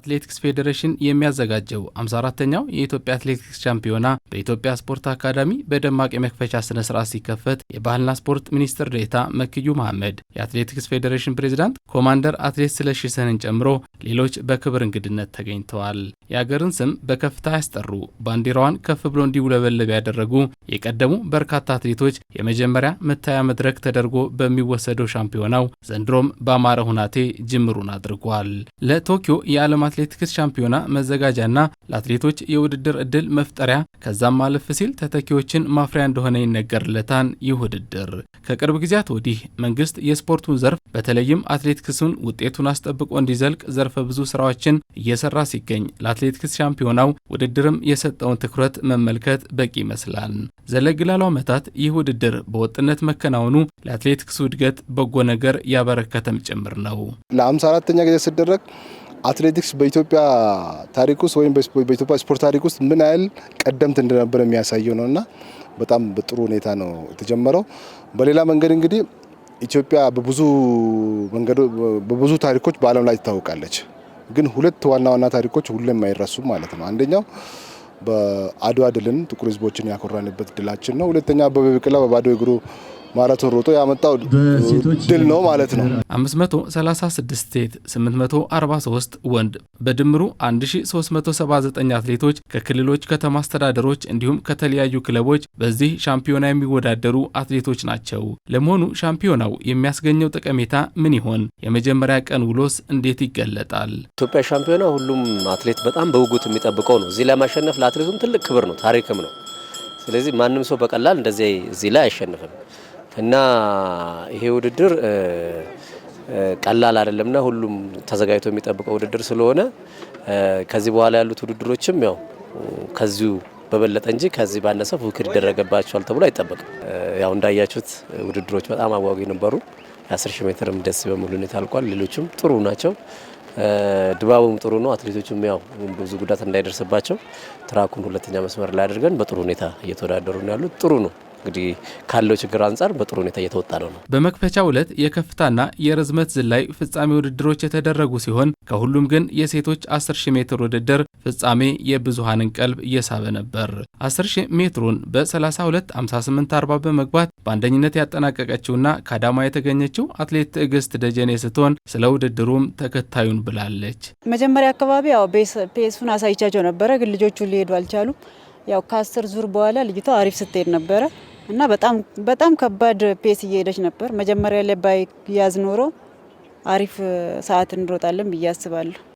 አትሌቲክስ ፌዴሬሽን የሚያዘጋጀው 54ተኛው የኢትዮጵያ አትሌቲክስ ሻምፒዮና በኢትዮጵያ ስፖርት አካዳሚ በደማቅ የመክፈቻ ስነ ስርዓት ሲከፈት የባህልና ስፖርት ሚኒስትር ዴኤታ መክዩ መሐመድ፣ የአትሌቲክስ ፌዴሬሽን ፕሬዚዳንት ኮማንደር አትሌት ስለሺ ስህንን ጨምሮ ሌሎች በክብር እንግድነት ተገኝተዋል። የአገርን ስም በከፍታ ያስጠሩ፣ ባንዲራዋን ከፍ ብሎ እንዲውለበለብ ያደረጉ የቀደሙ በርካታ አትሌቶች የመጀመሪያ መታያ መድረክ ተደርጎ በሚወሰደው ሻምፒዮናው ዘንድሮም በአማረ ሁናቴ ጅምሩን አድርጓል። ለቶኪዮ የዓለም አትሌቲክስ ሻምፒዮና መዘጋጃና ለአትሌቶች የውድድር እድል መፍጠሪያ ከዛም ማለፍ ሲል ተተኪዎችን ማፍሪያ እንደሆነ ይነገርለታን ይህ ውድድር። ከቅርብ ጊዜያት ወዲህ መንግስት የስፖርቱን ዘርፍ በተለይም አትሌቲክሱን ውጤቱን አስጠብቆ እንዲዘልቅ ዘርፈ ብዙ ስራዎችን እየሰራ ሲገኝ ለአትሌቲክስ ሻምፒዮናው ውድድርም የሰጠውን ትኩረት መመልከት በቂ ይመስላል። ዘለግ ላሉ ዓመታት ይህ ውድድር በወጥነት መከናወኑ ለአትሌቲክሱ እድገት በጎ ነገር ያበረከተም ጭምር ነው። ለ54ተኛ ጊዜ ሲደረግ አትሌቲክስ በኢትዮጵያ ታሪክ ውስጥ ወይም በኢትዮጵያ ስፖርት ታሪክ ውስጥ ምን ያህል ቀደምት እንደነበረ የሚያሳየው ነው እና በጣም በጥሩ ሁኔታ ነው የተጀመረው። በሌላ መንገድ እንግዲህ ኢትዮጵያ በብዙ ታሪኮች በዓለም ላይ ትታወቃለች። ግን ሁለት ዋና ዋና ታሪኮች ሁሌም አይረሱም ማለት ነው። አንደኛው በአድዋ ድልን ጥቁር ሕዝቦችን ያኮራንበት ድላችን ነው። ሁለተኛ አበበ ቢቂላ በባዶ እግሩ ማራቶን ሮጦ ያመጣው ድል ነው ማለት ነው። 536 ሴት፣ 843 ወንድ በድምሩ 1379 አትሌቶች ከክልሎች ከተማ አስተዳደሮች እንዲሁም ከተለያዩ ክለቦች በዚህ ሻምፒዮና የሚወዳደሩ አትሌቶች ናቸው። ለመሆኑ ሻምፒዮናው የሚያስገኘው ጠቀሜታ ምን ይሆን? የመጀመሪያ ቀን ውሎስ እንዴት ይገለጣል? ኢትዮጵያ ሻምፒዮና ሁሉም አትሌት በጣም በውጉት የሚጠብቀው ነው። እዚህ ለማሸነፍ ለአትሌቱም ትልቅ ክብር ነው፣ ታሪክም ነው። ስለዚህ ማንም ሰው በቀላል እንደዚህ እዚህ ላይ አይሸንፍም። እና ይሄ ውድድር ቀላል አይደለምና ሁሉም ተዘጋጅቶ የሚጠብቀው ውድድር ስለሆነ ከዚህ በኋላ ያሉት ውድድሮችም ያው ከዚሁ በበለጠ እንጂ ከዚህ ባነሰ ፉክክር ይደረገባቸዋል ተብሎ አይጠበቅም። ያው እንዳያችሁት ውድድሮች በጣም አጓጊ ነበሩ። የ10 ሺህ ሜትርም ደስ በሚል ሁኔታ አልቋል። ሌሎችም ጥሩ ናቸው። ድባቡም ጥሩ ነው። አትሌቶቹም ያው ብዙ ጉዳት እንዳይደርስባቸው ትራኩን ሁለተኛ መስመር ላይ አድርገን በጥሩ ሁኔታ እየተወዳደሩ ነው ያሉት። ጥሩ ነው። እንግዲህ ካለው ችግር አንጻር በጥሩ ሁኔታ እየተወጣ ነው ነው። ዕለት የከፍታና የርዝመት ዝላይ ፍጻሜ ውድድሮች የተደረጉ ሲሆን ከሁሉም ግን የሴቶች 10000 ሜትር ውድድር ፍጻሜ የብዙሃንን ቀልብ እየሳበ ነበር። 10000 ሜትሩን በ325840 በመግባት በአንደኝነት ያጠናቀቀችውና ከአዳማ የተገኘችው አትሌት ትዕግስት ደጀኔ ስትሆን ስለ ውድድሩም ተከታዩን ብላለች። መጀመሪያ አካባቢ ያው ፔሱን አሳይቻቸው ነበረ፣ ግን ልጆቹ ሊሄዱ አልቻሉም። ያው ከአስር ዙር በኋላ ልጅቷ አሪፍ ስትሄድ ነበረ እና በጣም በጣም ከባድ ፔስ እየሄደች ነበር። መጀመሪያ ላይ ባይያዝ ኖሮ አሪፍ ሰዓት እንሮጣለን ብዬ አስባለሁ።